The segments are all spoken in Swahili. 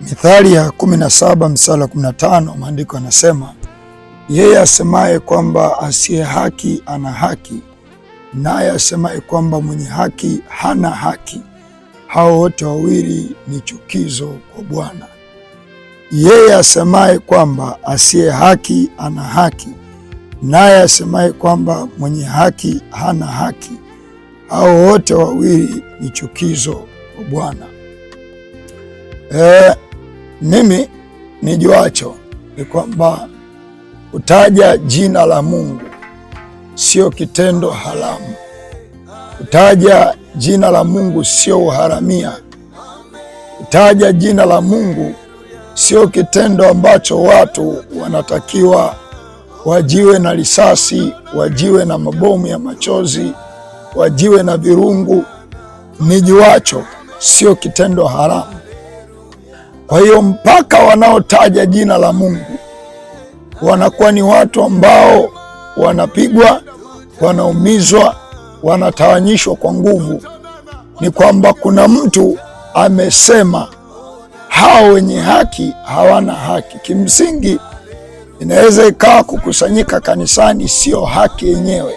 Mithali ya 17 msala 15, maandiko yanasema yeye asemaye kwamba asiye haki ana haki, naye asemaye kwamba mwenye haki hana haki, hao wote wawili ni chukizo kwa Bwana. Yeye asemaye kwamba asiye haki ana haki, naye asemaye kwamba mwenye haki hana haki, hao wote wawili ni chukizo kwa Bwana. Eh, mimi nijuacho ni kwamba kutaja jina la Mungu sio kitendo haramu. Kutaja jina la Mungu sio uharamia. Kutaja jina la Mungu sio kitendo ambacho watu wanatakiwa wajiwe na risasi, wajiwe na mabomu ya machozi, wajiwe na virungu. Nijuacho sio kitendo haramu. Kwa hiyo mpaka wanaotaja jina la Mungu wanakuwa ni watu ambao wanapigwa, wanaumizwa, wanatawanyishwa kwa nguvu. Ni kwamba kuna mtu amesema hao wenye haki hawana haki. Kimsingi inaweza ikawa kukusanyika kanisani sio haki yenyewe,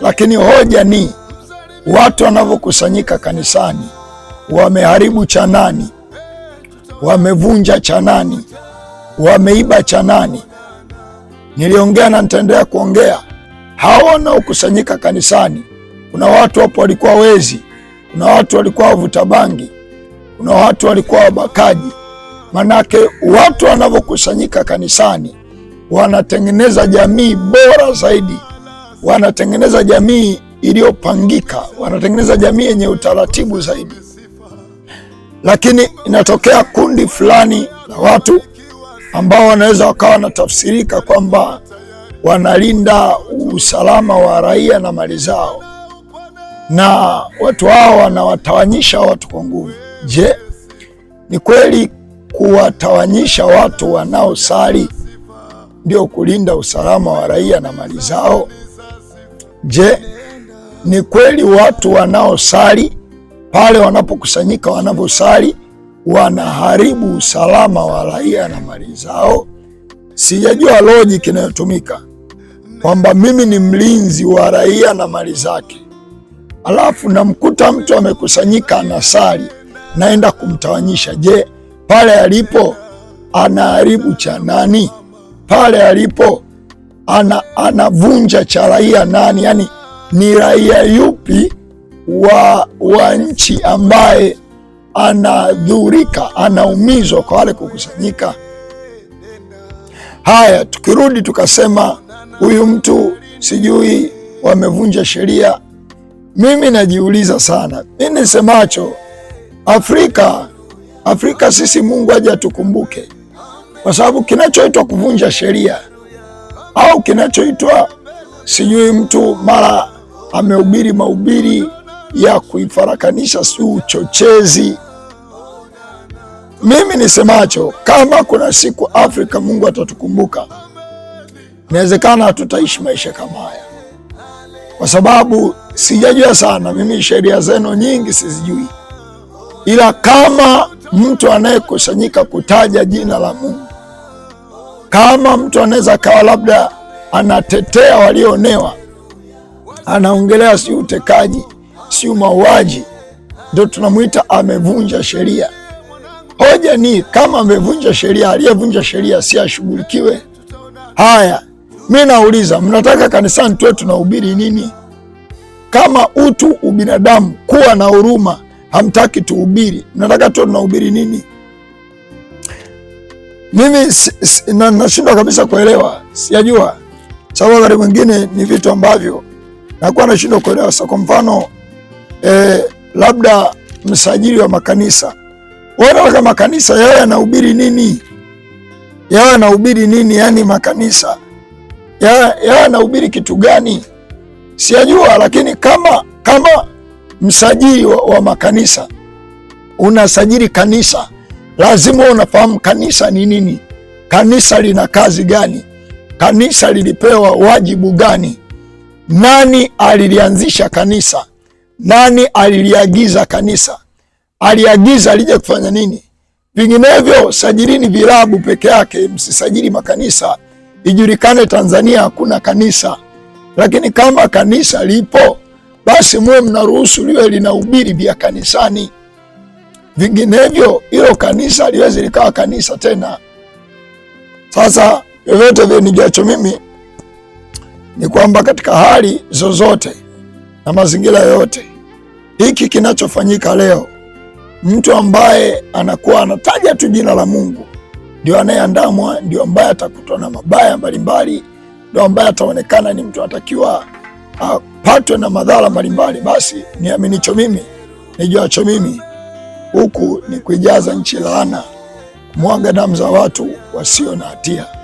lakini hoja ni watu wanavyokusanyika kanisani wameharibu cha nani? wamevunja cha nani, wameiba cha nani. Niliongea na nitaendelea kuongea. Hawa wanaokusanyika kanisani, kuna watu hapo walikuwa wezi, kuna watu walikuwa wavuta bangi, kuna watu walikuwa wabakaji. Manake watu wanavyokusanyika kanisani wanatengeneza jamii bora zaidi, wanatengeneza jamii iliyopangika, wanatengeneza jamii yenye utaratibu zaidi lakini inatokea kundi fulani la watu ambao wanaweza wakawa wanatafsirika kwamba wanalinda usalama wa raia na mali zao, na watu hao wanawatawanyisha watu kwa nguvu. Je, ni kweli kuwatawanyisha watu wanaosali ndio kulinda usalama wa raia na mali zao? Je, ni kweli watu wanaosali pale wanapokusanyika wanavyosali, wanaharibu usalama wa raia na mali zao. Sijajua logic inayotumika kwamba mimi ni mlinzi wa raia na mali zake, alafu namkuta mtu amekusanyika anasali, naenda kumtawanyisha. Je, pale alipo anaharibu cha nani? Pale alipo ana, anavunja cha raia nani? yani ni raia yupi wa, wa nchi ambaye anadhurika, anaumizwa kwa wale kukusanyika. Haya, tukirudi tukasema huyu mtu sijui wamevunja sheria. Mimi najiuliza sana, mi nisemacho Afrika, Afrika sisi Mungu aje atukumbuke, kwa sababu kinachoitwa kuvunja sheria au kinachoitwa sijui mtu mara amehubiri mahubiri ya kuifarakanisha, si uchochezi. Mimi nisemacho, kama kuna siku Afrika Mungu atatukumbuka, inawezekana hatutaishi maisha kama haya, kwa sababu sijajua sana mimi, sheria zenu nyingi sizijui, ila kama mtu anayekusanyika kutaja jina la Mungu, kama mtu anaweza kawa labda anatetea walioonewa, anaongelea si utekaji sio mauaji, ndio tunamwita amevunja sheria. Hoja ni kama amevunja sheria, aliyevunja sheria si ashughulikiwe? Haya, mi nauliza, mnataka kanisani tuwe tunahubiri nini? Kama utu, ubinadamu, kuwa na huruma hamtaki tuhubiri, mnataka tuwe tunahubiri nini? Mimi nashindwa na kabisa kuelewa, sijajua sababu. Wakati mwingine ni vitu ambavyo nakuwa nashindwa kuelewa. Sa, kwa mfano eh, labda msajili wa makanisa wanataka makanisa yawe yanahubiri nini, yawe yanahubiri nini? yaani makanisa yawe yanahubiri kitu gani? Siyajua, lakini kama kama msajili wa, wa makanisa unasajili kanisa, lazima unafahamu kanisa ni nini, kanisa lina kazi gani, kanisa lilipewa wajibu gani, nani alilianzisha kanisa nani aliliagiza kanisa? Aliagiza lije kufanya nini? Vinginevyo sajilini vilabu peke yake, msisajili makanisa, ijulikane Tanzania hakuna kanisa. Lakini kama kanisa lipo, basi muwe mnaruhusu liwe linahubiri vya kanisani, vinginevyo hilo kanisa liwezi likawa kanisa tena. Sasa vyovyote vinijacho mimi ni kwamba katika hali zozote na mazingira yote. Hiki kinachofanyika leo, mtu ambaye anakuwa anataja tu jina la Mungu ndio anayeandamwa, ndio ambaye atakutwa na mabaya mbalimbali, ndio ambaye ataonekana ni mtu anatakiwa apatwe na madhara mbalimbali. Basi niaminicho mimi, nijuacho mimi, huku ni kuijaza nchi laana, mwaga damu za watu wasio na hatia.